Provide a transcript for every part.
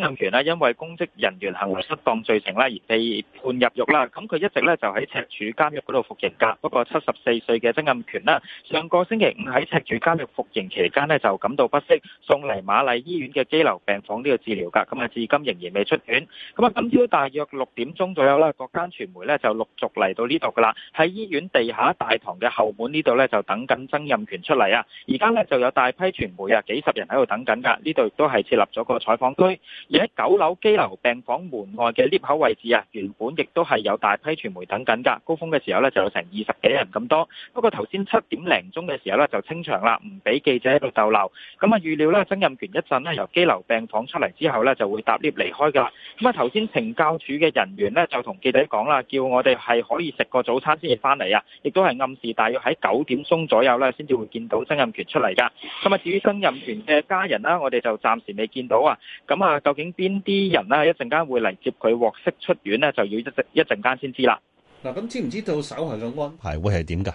曾蔭權咧，因為公職人員行為失當罪成咧而被判入獄啦。咁佢一直咧就喺赤柱監獄嗰度服刑噶。不過七十四歲嘅曾蔭權啦，上個星期五喺赤柱監獄服刑期間咧就感到不適，送嚟瑪麗醫院嘅羈留病房呢度治療噶。咁啊，至今仍然未出院。咁啊，今朝大約六點鐘左右啦，各間傳媒咧就陸續嚟到呢度噶啦。喺醫院地下大堂嘅後門呢度咧就等緊曾蔭權出嚟啊。而家咧就有大批傳媒啊，幾十人喺度等緊噶。呢度亦都係設立咗個採訪區。而喺九樓羈留病房門外嘅 𨋢 口位置啊，原本亦都係有大批傳媒等緊㗎。高峰嘅時候呢，就有成二十幾人咁多。不過頭先七點零鐘嘅時候呢，就清場啦，唔俾記者喺度逗留。咁啊，預料呢，曾蔭權一陣呢，由羈留病房出嚟之後呢，就會搭 𨋢 離開㗎。咁啊，頭先懲教署嘅人員呢，就同記者講啦，叫我哋係可以食個早餐先至翻嚟啊，亦都係暗示大約喺九點鐘左右呢，先至會見到曾蔭權出嚟㗎。咁啊，至於曾蔭權嘅家人啦，我哋就暫時未見到啊。咁啊，究影邊啲人咧，一陣間會嚟接佢獲釋出院咧，就要一陣一陣間先知啦。嗱，咁知唔知道稍後嘅安排會係點噶？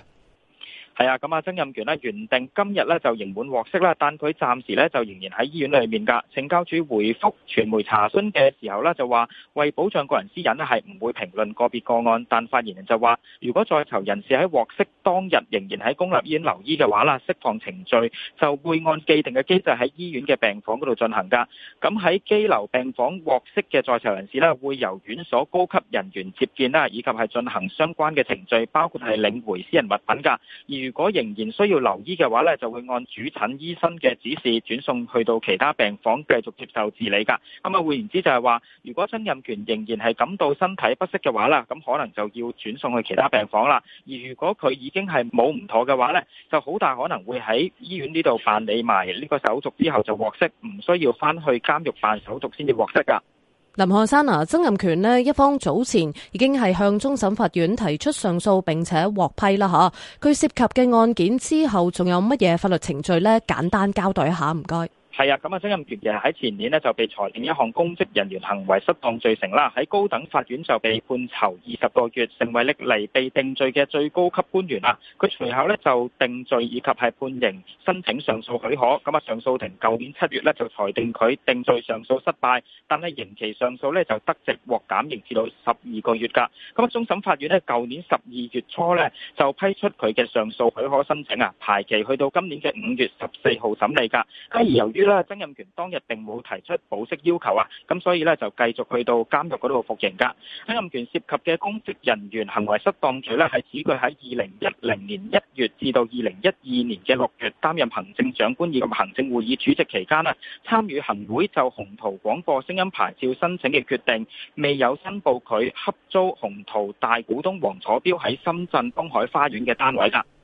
係啊，咁啊，曾蔭權呢，原定今日呢就刑滿獲釋啦，但佢暫時呢就仍然喺醫院裏面㗎。懲教署回覆傳媒查詢嘅時候呢，就話為保障個人私隱咧，係唔會評論個別個案。但發言人就話，如果在囚人士喺獲釋當日仍然喺公立醫院留醫嘅話啦，釋放程序就會按既定嘅機制喺醫院嘅病房嗰度進行㗎。咁喺羈留病房獲釋嘅在囚人士呢，會由院所高級人員接見啦，以及係進行相關嘅程序，包括係領回私人物品㗎。如果仍然需要留醫嘅話咧，就會按主診醫生嘅指示轉送去到其他病房繼續接受治理噶。咁啊，換言之就係話，如果曾蔭權仍然係感到身體不適嘅話啦，咁可能就要轉送去其他病房啦。而如果佢已經係冇唔妥嘅話咧，就好大可能會喺醫院呢度辦理埋呢個手續之後就獲釋，唔需要返去監獄辦手續先至獲釋噶。林漢山，曾蔭權呢一方早前已經係向終審法院提出上訴，並且獲批啦吓。佢涉及嘅案件之後仲有乜嘢法律程序呢？簡單交代一下，唔該。係啊，咁啊，曾蔭權其實喺前年呢就被裁定一項公職人員行為失當罪成啦，喺高等法院就被判囚二十個月，成為歷嚟被定罪嘅最高級官員啊，佢隨後呢就定罪以及係判刑申請上訴許可，咁啊上訴庭舊年七月呢就裁定佢定罪上訴失敗，但係刑期上訴呢就得直獲減刑至到十二個月㗎。咁啊，終審法院呢舊年十二月初呢就批出佢嘅上訴許可申請啊，排期去到今年嘅五月十四號審理㗎。而由於曾蔭權當日並冇提出保釋要求啊，咁所以咧，就繼續去到監獄嗰度服刑噶。曾蔭權涉及嘅公職人員行為失當罪咧，係指佢喺二零一零年一月至到二零一二年嘅六月擔任行政長官以及行政會議主席期間啊，參與行會就雄濤廣播聲音牌照申請嘅決定，未有申報佢合租雄濤大股東黃楚標喺深圳東海花園嘅單位噶。